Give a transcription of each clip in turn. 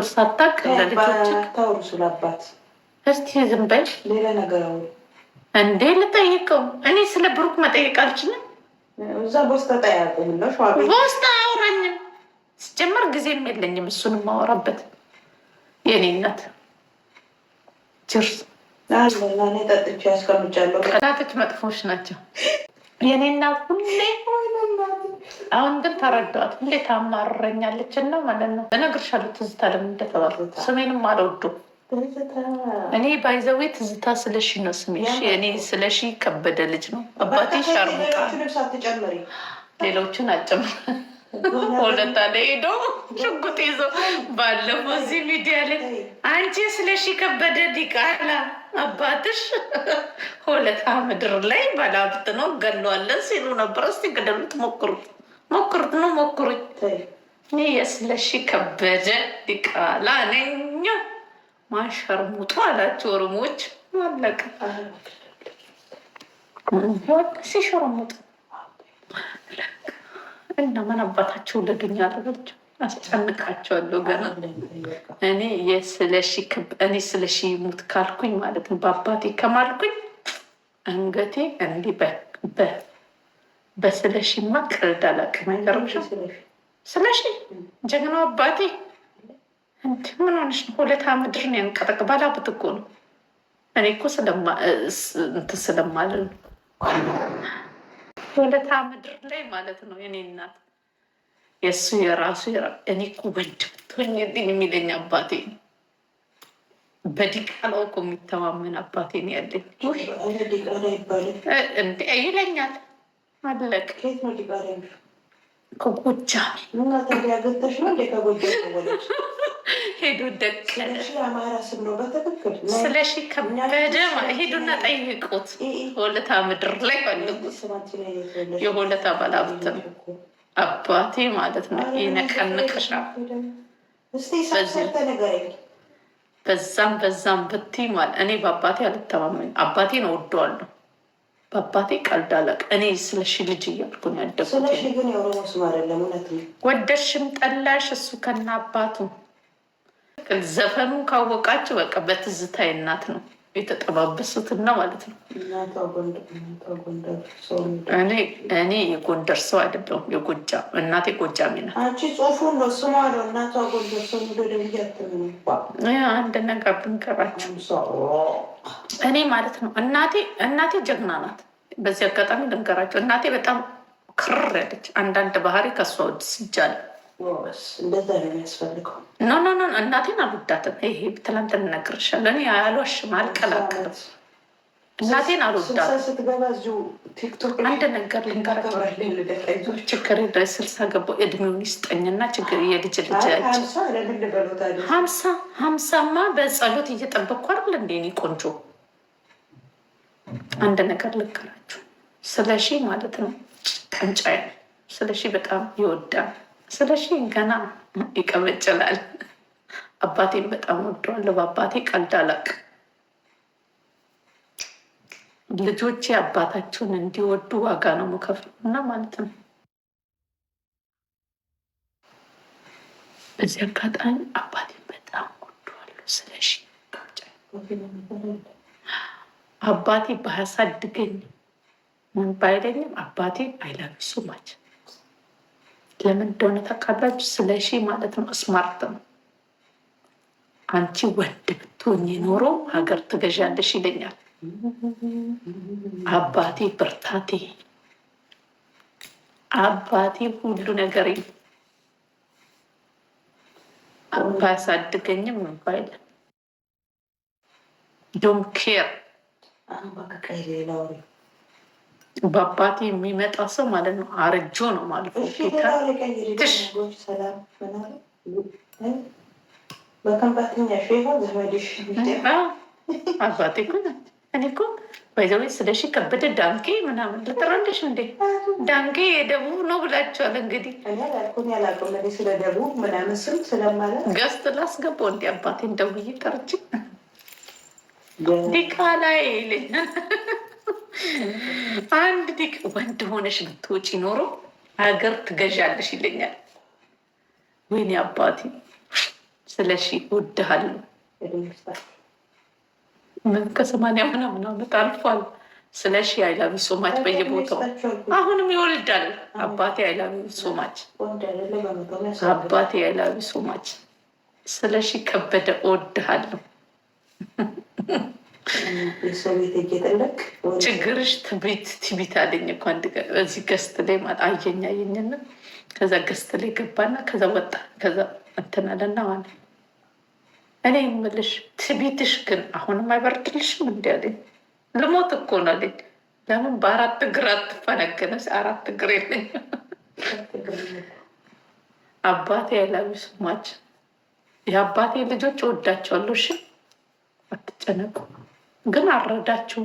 ፍቅር ሳታቅ ለልጆችታወሩ ስለአባት እስቲ ዝም በይ። ሌላ ነገር እንዴ ልጠይቀው። እኔ ስለ ብሩክ መጠየቅ አልችልም። እዛ ቦስታ ጠያቁምና ቦስታ አውራኝም ስጀመር ጊዜም የለኝም እሱን የማወራበት የኔ እናት ችርስ ጠጥቼ ያስቀምጫለሁ። ጠላቶች መጥፎች ናቸው የኔ እናት ሁሌ አሁን ግን ተረዷት እንዴት አማረኛለች እና ማለት ነው እነግርሻለሁ። ትዝታ ለምን እንደተባለ ስሜንም አልወዱም። እኔ ባይዘዌ ትዝታ ስለሺ ነው ስሜሽ። እኔ ስለሺ ከበደ ልጅ ነው አባቴ። ሻርሙጣ ሌሎችን አጭም ወደታ ላይ ሄዶ ሽጉጥ ይዞ ባለፈው እዚህ ሚዲያ ላይ አንቺ ስለሺ ከበደ ዲቃላ አባትሽ ሆለታ ምድር ላይ ባለሀብት ነው ገለዋለን ሲሉ ነበር። እስቲ ገደሉት፣ ሞክሩት፣ ሞክሩት ነው ሞክሩት። እኔ የስለሺ ከበደ ዲቃላ ነኝ። ማሸርሙጡ አላቸው ኦሮሞዎች። አለቀ ሲሸርሙጡ እና ምን አባታቸው ለዱኛ አደረገችው። አስጨንቃቸዋለሁ ገና እኔ እኔ ስለሺ ሙት ካልኩኝ ማለት ነው። በአባቴ ከማልኩኝ አንገቴ እንዲህ በስለ ሺማ ቅርድ አላውቅም። አይገርምሽም? ስለሺ ጀግናው አባቴ እንዲ ምን ሆነሽ ነው? ሁለታ ምድርን ያንቀጠቅ ባላብት እኮ ነው። እኔ እኮ ስለማእንት ስለማልል ነው ሁለታ ምድር ላይ ማለት ነው የኔ እናት የእሱ የራሱ እኔ እኮ ወንድ ብትሆኝልኝ የሚለኝ አባቴ ነው። በዲቃላው እኮ የሚተማመን አባቴ ነው ያለኝ። እንደ ይለኛል አለቅ ከጎጃም ሄዱ ደቀለ ስለሺ ከበደ ሄዱና ጠይቁት። ሆለታ ምድር ላይ ፈልጉት። የሆለታ ባለሀብት ነው። አባቴ ማለት ነው ይነቀንቅሻል። በዛም በዛም ብቲ ማለት እኔ በአባቴ አልተማመኝም። አባቴን እወደዋለሁ። በአባቴ ቀልድ አላውቅም። እኔ ስለሺ ልጅ እያልኩ ነው ያደጉት። ወደድሽም ጠላሽ እሱ ከና አባቱ ዘፈኑ ካወቃችሁ በቃ በትዝታይ እናት ነው ነው ማለት ነው። እኔ የጎንደር ሰው አይደለሁም፣ የጎጃ እናቴ ጎጃሜ ናት። አንድ ነገር ብንገራቸው እኔ ማለት ነው እናቴ እናቴ ጀግና ናት። በዚህ አጋጣሚ ልንገራቸው እናቴ በጣም ክርር ያለች አንዳንድ ባህሪ ከሷ ወድ ስጃለ እንደዛ ነው የሚያስፈልገው። ኖ ኖ ኖ እናቴን አልወዳትም። ይሄ ትናንት እንነግርሻለሁ። እኔ አልዋሽም፣ አልቀላቅልም። እናቴን አልወዳትም። አንድ ነገር ልንገራቸው፣ ችግር ስልሳ ገባሁ። እድሜውን ይስጠኝና ችግር የልጅ ልጅ ሀምሳ ሀምሳማ በጸሎት እየጠበቅኩ አይደል እንደ እኔ ቆንጆ አንድ ነገር ልንገራችሁ። ስለሺ ማለት ነው ቀንጫ ስለሺ በጣም ይወዳል ስለሺ ገና ይቀመጭላል። አባቴን በጣም ወደዋለሁ። በአባቴ ቀልድ አላውቅም። ልጆቼ አባታቸውን እንዲወዱ ዋጋ ነው የምከፍለው እና ማለት ነው። በዚህ አጋጣሚ አባቴን በጣም ወደዋለሁ። ስለሺ አባቴ ባያሳድገኝ ምን ባይለኝም አባቴ አይላብሱ ማች ለምን እንደሆነ ታውቃላችሁ? ስለ ሺ ማለት ነው። ስማርት ነው። አንቺ ወንድ ብትሆኝ ኖሮ ሀገር ትገዣለሽ ይለኛል አባቴ። ብርታቴ አባቴ ሁሉ ነገር አባ ያሳድገኝም ባይለ ዶንት ኬር በአባቴ የሚመጣ ሰው ማለት ነው። አርጆ ነው ማለት ነው። አባቴ እኔ እኮ ባይዘዌ ስለሺ ከበደ ዳንጌ ምናምን ልጥራለሽ እንዴ? ዳንጌ የደቡብ ነው ብላቸዋል። እንግዲህ ስለ ደቡብ ምናምን ስም ስለማለት ገዝት ላስገባው እንዲ አባቴን ደውዬ ጠርቼ ዲቃ ላይ አንድ ቴክ ወንድ ሆነሽ ብትወጪ ኖሮ ሀገር ትገዣለሽ ይለኛል። ወይኔ አባቴ ስለሺ እወድሃለሁ። ምን ከሰማንያ ምናምን ዓመት አልፏል። ስለሺ አይላሚ ሶማች በየቦታው አሁንም ይወልዳል። አባቴ አይላሚ ሶማች፣ አባቴ አይላሚ ሶማች። ስለሺ ከበደ እወድሃለሁ። ችግርሽ ትቤት ቲቪት አለኝ እኮ አንድ ቀን በዚህ ገስት ላይ አየኝ አየኝና ከዛ ገስት ላይ ገባና ከዛ ወጣ። ከዛ እንትን አለና ዋለ። እኔ የምልሽ ትቢትሽ ግን አሁንም አይበርድልሽም እንዲ አለኝ። ልሞት እኮ ነው አለኝ። ለምን በአራት እግር አትፈነገነች? አራት እግር የለኝ አባቴ ያላዊ ስማች የአባቴ ልጆች ወዳቸዋለሽ። እሺ አትጨነቁ። ግን አልረዳችሁ።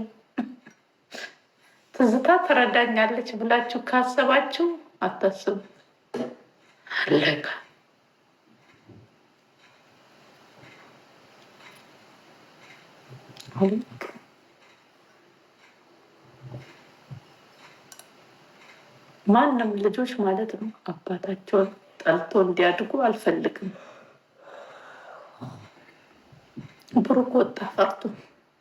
ትዝታ ትረዳኛለች ብላችሁ ካሰባችሁ አታስቡ። አለቀ። ማንም ልጆች ማለት ነው አባታቸውን ጠልቶ እንዲያድጉ አልፈልግም። ብሩክ ወጣ ፈርቶ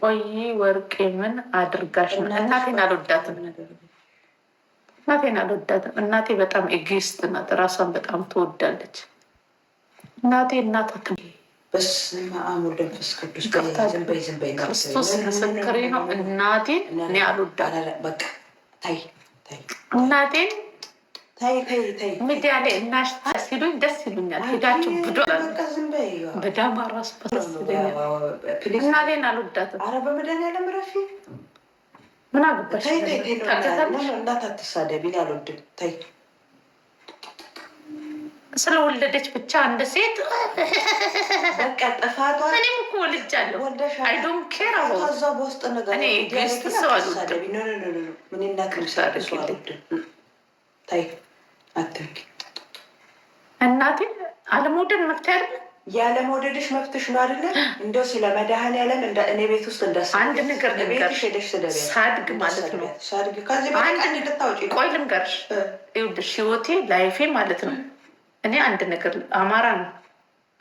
ቆይ ወርቄ ምን አድርጋሽ ነው? እናቴን አልወዳትም፣ እናቴን አልወዳትም። እናቴ በጣም ኤጊስት ናት፣ ራሷን በጣም ትወዳለች። እናቴ እናታት በስመ አብ ወወልድ ወመንፈስ ቅዱስ ክርስቶስ ምስክሬ ነው። እናቴን እኔ አልወዳትም። እናቴን ሚዲያ ላይ እናሽ ሲሉኝ ደስ ይሉኛል። ሄዳችሁ ብዳማ ራሱ እና ሌን አልወዳትም። በመድኃኒዓለም ረፊ ምን አልወድም። ተይ ስለወለደች ብቻ አንድ ሴት እኔም እኮ ወልጃለሁ። አይ ኬር በውስጥ ነገር አልወድም። አትርጊ። እናቴ አለመውደድ መብት ያለ ያለመውደድሽ መብትሽ ነው አይደለ? እንደው ስለ መድኃኒዓለም እኔ ቤት ውስጥ እንዳስ አንድ ነገር ልንገርሽ፣ ሳድግ ማለት ነው ቆይ ልንገርሽ፣ ይኸውልሽ ህይወቴ ላይፌ ማለት ነው። እኔ አንድ ነገር አማራ ነው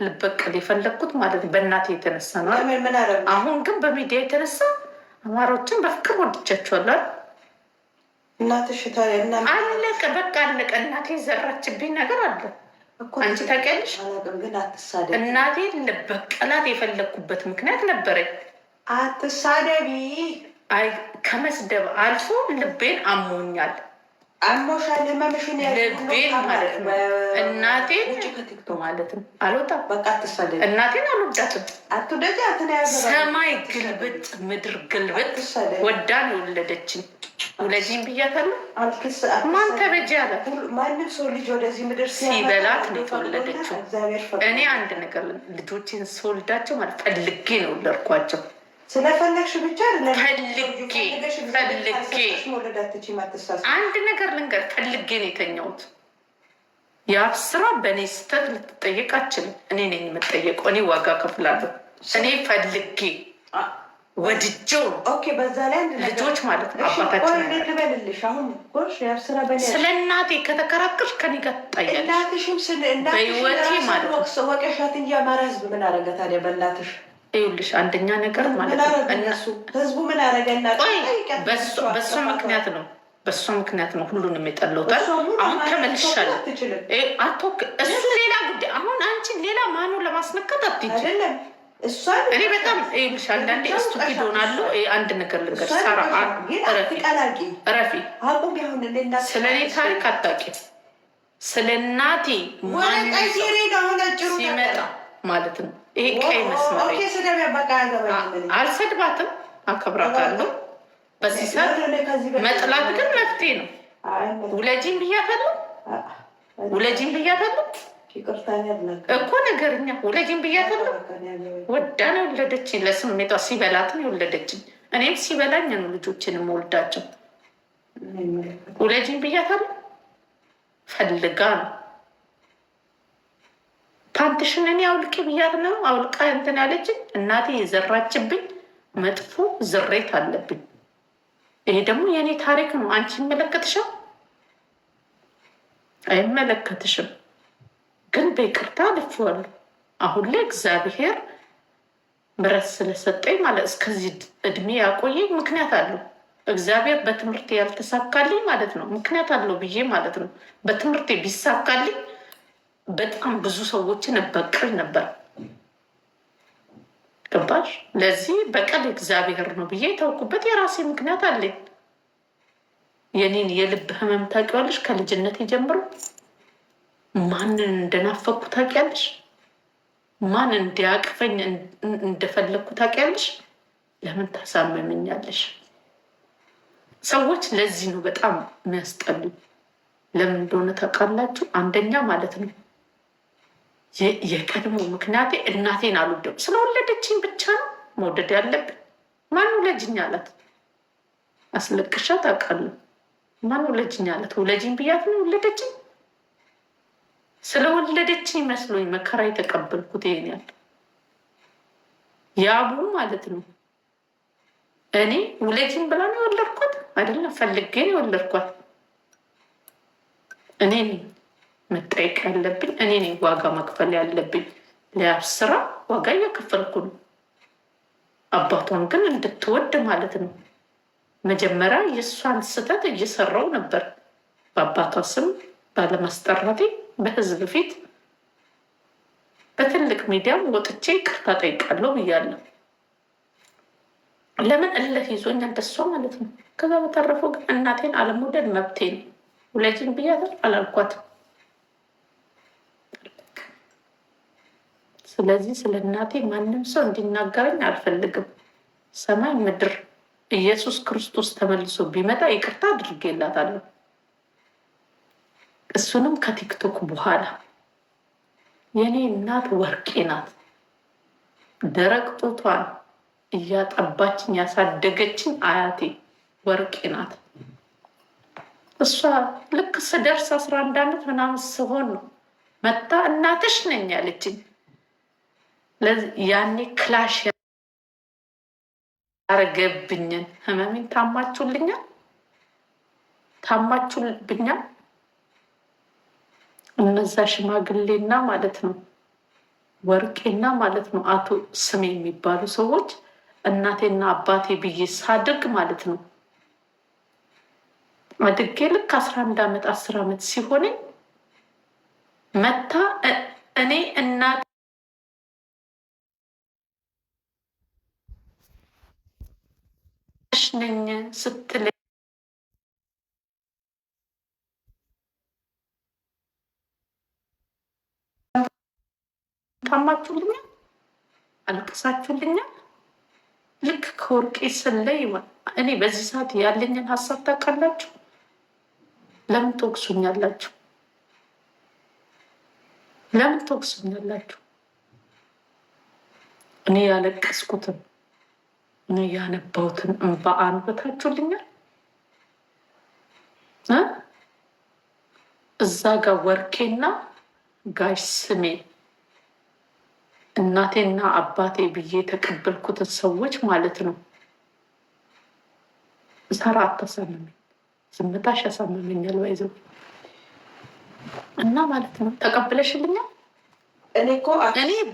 ልበቀል የፈለግኩት ማለት ነው። በእናቴ የተነሳ ነው። አሁን ግን በሚዲያ የተነሳ አማራዎችን በፍቅር ወድጃቸዋለሁ። እናትሽ አለቀ፣ በቃ አለቀ። እናቴ ዘራችብኝ ነገር አለ። አንቺ ታውቂያለሽ። እናቴን ልበቀላት የፈለግኩበት ምክንያት ነበረኝ። አትሳደቢ። አይ ከመስደብ አልፎ ልቤን አሞኛል። አሞሻል። ህመምሽን ልቤን ማለት ነው። እናቴን ማለት ነው። አልወጣም። በቃ አትሳደቢ። እናቴን አልወዳትም። ሰማይ ግልብጥ፣ ምድር ግልብጥ ወዳን የወለደችን ውለጂም ብያታለሁ። ማን ተበጅ ያላት ሲበላት ነው የተወለደችው። እኔ አንድ ነገር ልጆችን ስወልዳቸው ማለት ፈልጌ ነው ለርኳቸው ስለፈለግሽ ብቻ ፈልጌ አንድ ነገር ልንገር፣ ፈልጌ ነው የተኛሁት። የአብ ስራ በእኔ ስህተት ልትጠየቅ አችልም። እኔ ነኝ የምጠየቀው። እኔ ዋጋ ከፍላለሁ። እኔ ፈልጌ ወድጀው ኦኬ። በዛ ላይ አንድ ልጆች ማለት ነው ልበልልሽ። አሁን ስለ እናቴ ከተከራከርሽ ከኔ ጋር ትጣያለሽ። እናትሽም ስለ እናትሽ ወቀሻት እንጂ አማራ ህዝብ ምን አደረገ ታዲያ? በእናትሽ ይኸውልሽ፣ አንደኛ ነገር ማለት ነው ህዝቡ ምን አደረገ? በእሷ ምክንያት ነው በእሷ ምክንያት ነው ሁሉንም የጠለውታል። አሁን ተመልሻለሁ። እሱ ሌላ ጉዳይ። አሁን አንቺን ሌላ ማኑ ለማስነካት አትችል እኔ በጣም ይኸውልሽ፣ አንዳንዴ ስቱፒድ ሆናሉ። አንድ ነገር ልንገርሽ፣ ሰራ እረፊ። ስለ እኔ ታሪክ አታውቂም። ስለ እናቴ ሲመጣ ማለት ነው። ይሄ ቀይ መስመር አልሰድባትም፣ አከብራታለሁ። በሲሰር መጥላት ግን መፍትሄ ነው። ውለጂም ብያታለሁ፣ ውለጂም ብያታለሁ እኮ ነገርኛ ውለጅን ብያታለሁ። ወዳ ነው የወለደችኝ። ለስሜቷ ሲበላት ነው የወለደችኝ። እኔም ሲበላኝ ነው ልጆችን የምወልዳቸው። ውለጅን ብያታለሁ። ፈልጋ ነው ፓንትሽን እኔ አውልቄ ብያት ነው አውልቃ እንትን ያለችኝ። እናቴ የዘራችብኝ መጥፎ ዝሬት አለብኝ። ይሄ ደግሞ የእኔ ታሪክ ነው። አንቺ ይመለከትሽም አይመለከትሽም። ግን በይቅርታ አልፌዋለሁ። አሁን ላይ እግዚአብሔር ምረት ስለሰጠኝ ማለት እስከዚህ እድሜ ያቆየኝ ምክንያት አለው። እግዚአብሔር በትምህርት ያልተሳካልኝ ማለት ነው ምክንያት አለው ብዬ ማለት ነው። በትምህርት ቢሳካልኝ በጣም ብዙ ሰዎችን እበቅል ነበር። ገባሽ? ለዚህ በቀል እግዚአብሔር ነው ብዬ የተውኩበት የራሴ ምክንያት አለኝ። የኔን የልብ ህመም ታውቂዋለሽ ከልጅነት ጀምሮ ማንን እንደናፈኩ ታውቂያለሽ? ማን እንዲያቅፈኝ እንደፈለግኩ ታውቂያለሽ? ለምን ታሳመመኛለሽ? ሰዎች ለዚህ ነው በጣም የሚያስጠሉ። ለምን እንደሆነ ታውቃላችሁ? አንደኛ ማለት ነው የቀድሞ ምክንያቴ እናቴን አልወደም። ስለወለደችኝ ብቻ ነው መውደድ ያለብን። ማን ውለጅኝ አላት? አስለቅሻ ታውቃለሁ። ማን ውለጅኝ አላት? ውለጅኝ ብያት ነው ውለደችኝ። ስለወለደች ይመስሎኝ መከራ የተቀበልኩት ይሄን ያለ የአቡ ማለት ነው። እኔ ውለጅም ብላ ነው የወለድኳት አይደለም፣ ፈልጌ ነው የወለድኳት። እኔ መጠየቅ ያለብኝ እኔ ነኝ፣ ዋጋ መክፈል ያለብኝ ለያብ ስራ ዋጋ እያከፈልኩ ነው። አባቷን ግን እንድትወድ ማለት ነው። መጀመሪያ የእሷን ስህተት እየሰራው ነበር በአባቷ ስም ባለማስጠራቴ በህዝብ ፊት በትልቅ ሚዲያም ወጥቼ ቅርታ ጠይቃለሁ ብያለሁ። ለምን እልህ ይዞኝ እንደሷ ማለት ነው። ከዛ በተረፈው ግን እናቴን አለመውደድ መብቴ ነው። ውለጅን ብያ አላልኳት። ስለዚህ ስለ እናቴ ማንም ሰው እንዲናገረኝ አልፈልግም። ሰማይ ምድር ኢየሱስ ክርስቶስ ተመልሶ ቢመጣ ይቅርታ አድርጌላታለሁ። እሱንም ከቲክቶክ በኋላ የኔ እናት ወርቄ ናት። ደረቅ ጡቷን እያጠባችን ያሳደገችን አያቴ ወርቄ ናት። እሷ ልክ ስደርስ አስራ አንድ ዓመት ምናምን ስሆን ነው መታ እናትሽ ነኝ ያለችኝ። ያኔ ክላሽ ያረገብኝን ህመሜን ታማችሁልኛል ታማችሁልብኛል እነዛ ሽማግሌና ማለት ነው ወርቄና ማለት ነው አቶ ስሜ የሚባሉ ሰዎች እናቴና አባቴ ብዬ ሳድግ ማለት ነው አድጌ ልክ አስራ አንድ ዓመት አስር ዓመት ሲሆነኝ መታ እኔ እና ነኝ ስትለኝ ታማችሁልኛል፣ አልቅሳችሁልኛል። ልክ ከወርቄ ስለይ እኔ በዚህ ሰዓት ያለኝን ሀሳብ ታውቃላችሁ። ለምን ተወቅሱኛላችሁ? ለምን ተወቅሱኛላችሁ? እኔ ያለቀስኩትን እኔ ያነባሁትን እንባ አንብታችሁልኛል። እዛ ጋር ወርቄና ጋሽ ስሜ እናቴና አባቴ ብዬ የተቀበልኩትን ሰዎች ማለት ነው። ሰራ አታሳምመኝ፣ ዝምታሽ ያሳምመኛል። ባይዘው እና ማለት ነው ተቀብለሽልኛል። እኔ እኮ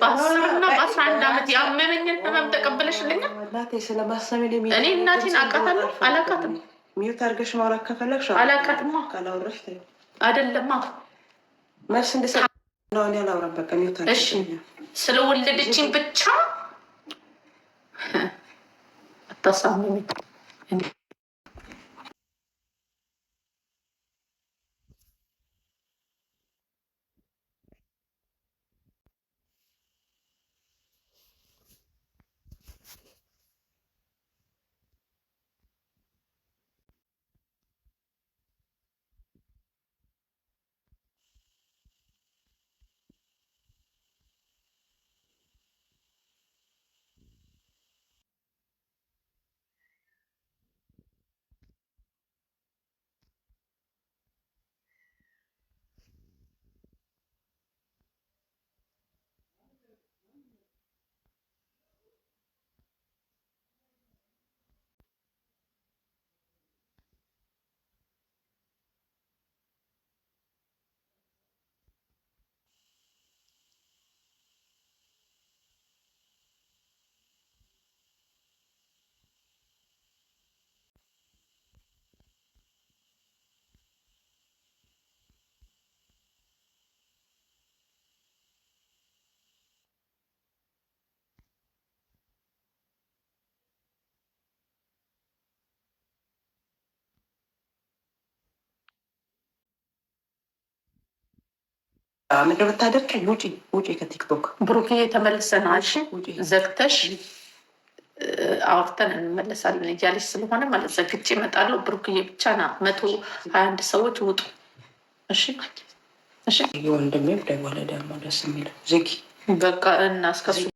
በአስርና በአስራ አንድ ዓመት ያመመኝን ህመም ተቀብለሽልኛል። እኔ እናቴን አውቃታለሁ አላውቃትም? ሚዩት አድርገሽ ማውራት ከፈለግሽ አላውቃትማ። ካላወራሽ አይደለማ መልስ እንድሰ ሁን ያላውራ በቃ ሚዩት አድርገሽ ስለወለደችኝ ብቻ አታሳምኝ። ምንድን ብታደርጊ ውጪ ውጪ ከቲክቶክ ብሩክዬ ተመልሰና እሺ ዘግተሽ አውርተን እንመለሳለን እያለች ስለሆነ ማለት ዘግቼ እመጣለሁ። ብሩክዬ ብቻ ና መቶ ሀያ አንድ ሰዎች ውጡ። እሺ እሺ። ወንድሜ ደወለ ደግሞ ደስ የሚለው ዝጊ በቃ እናስከሱ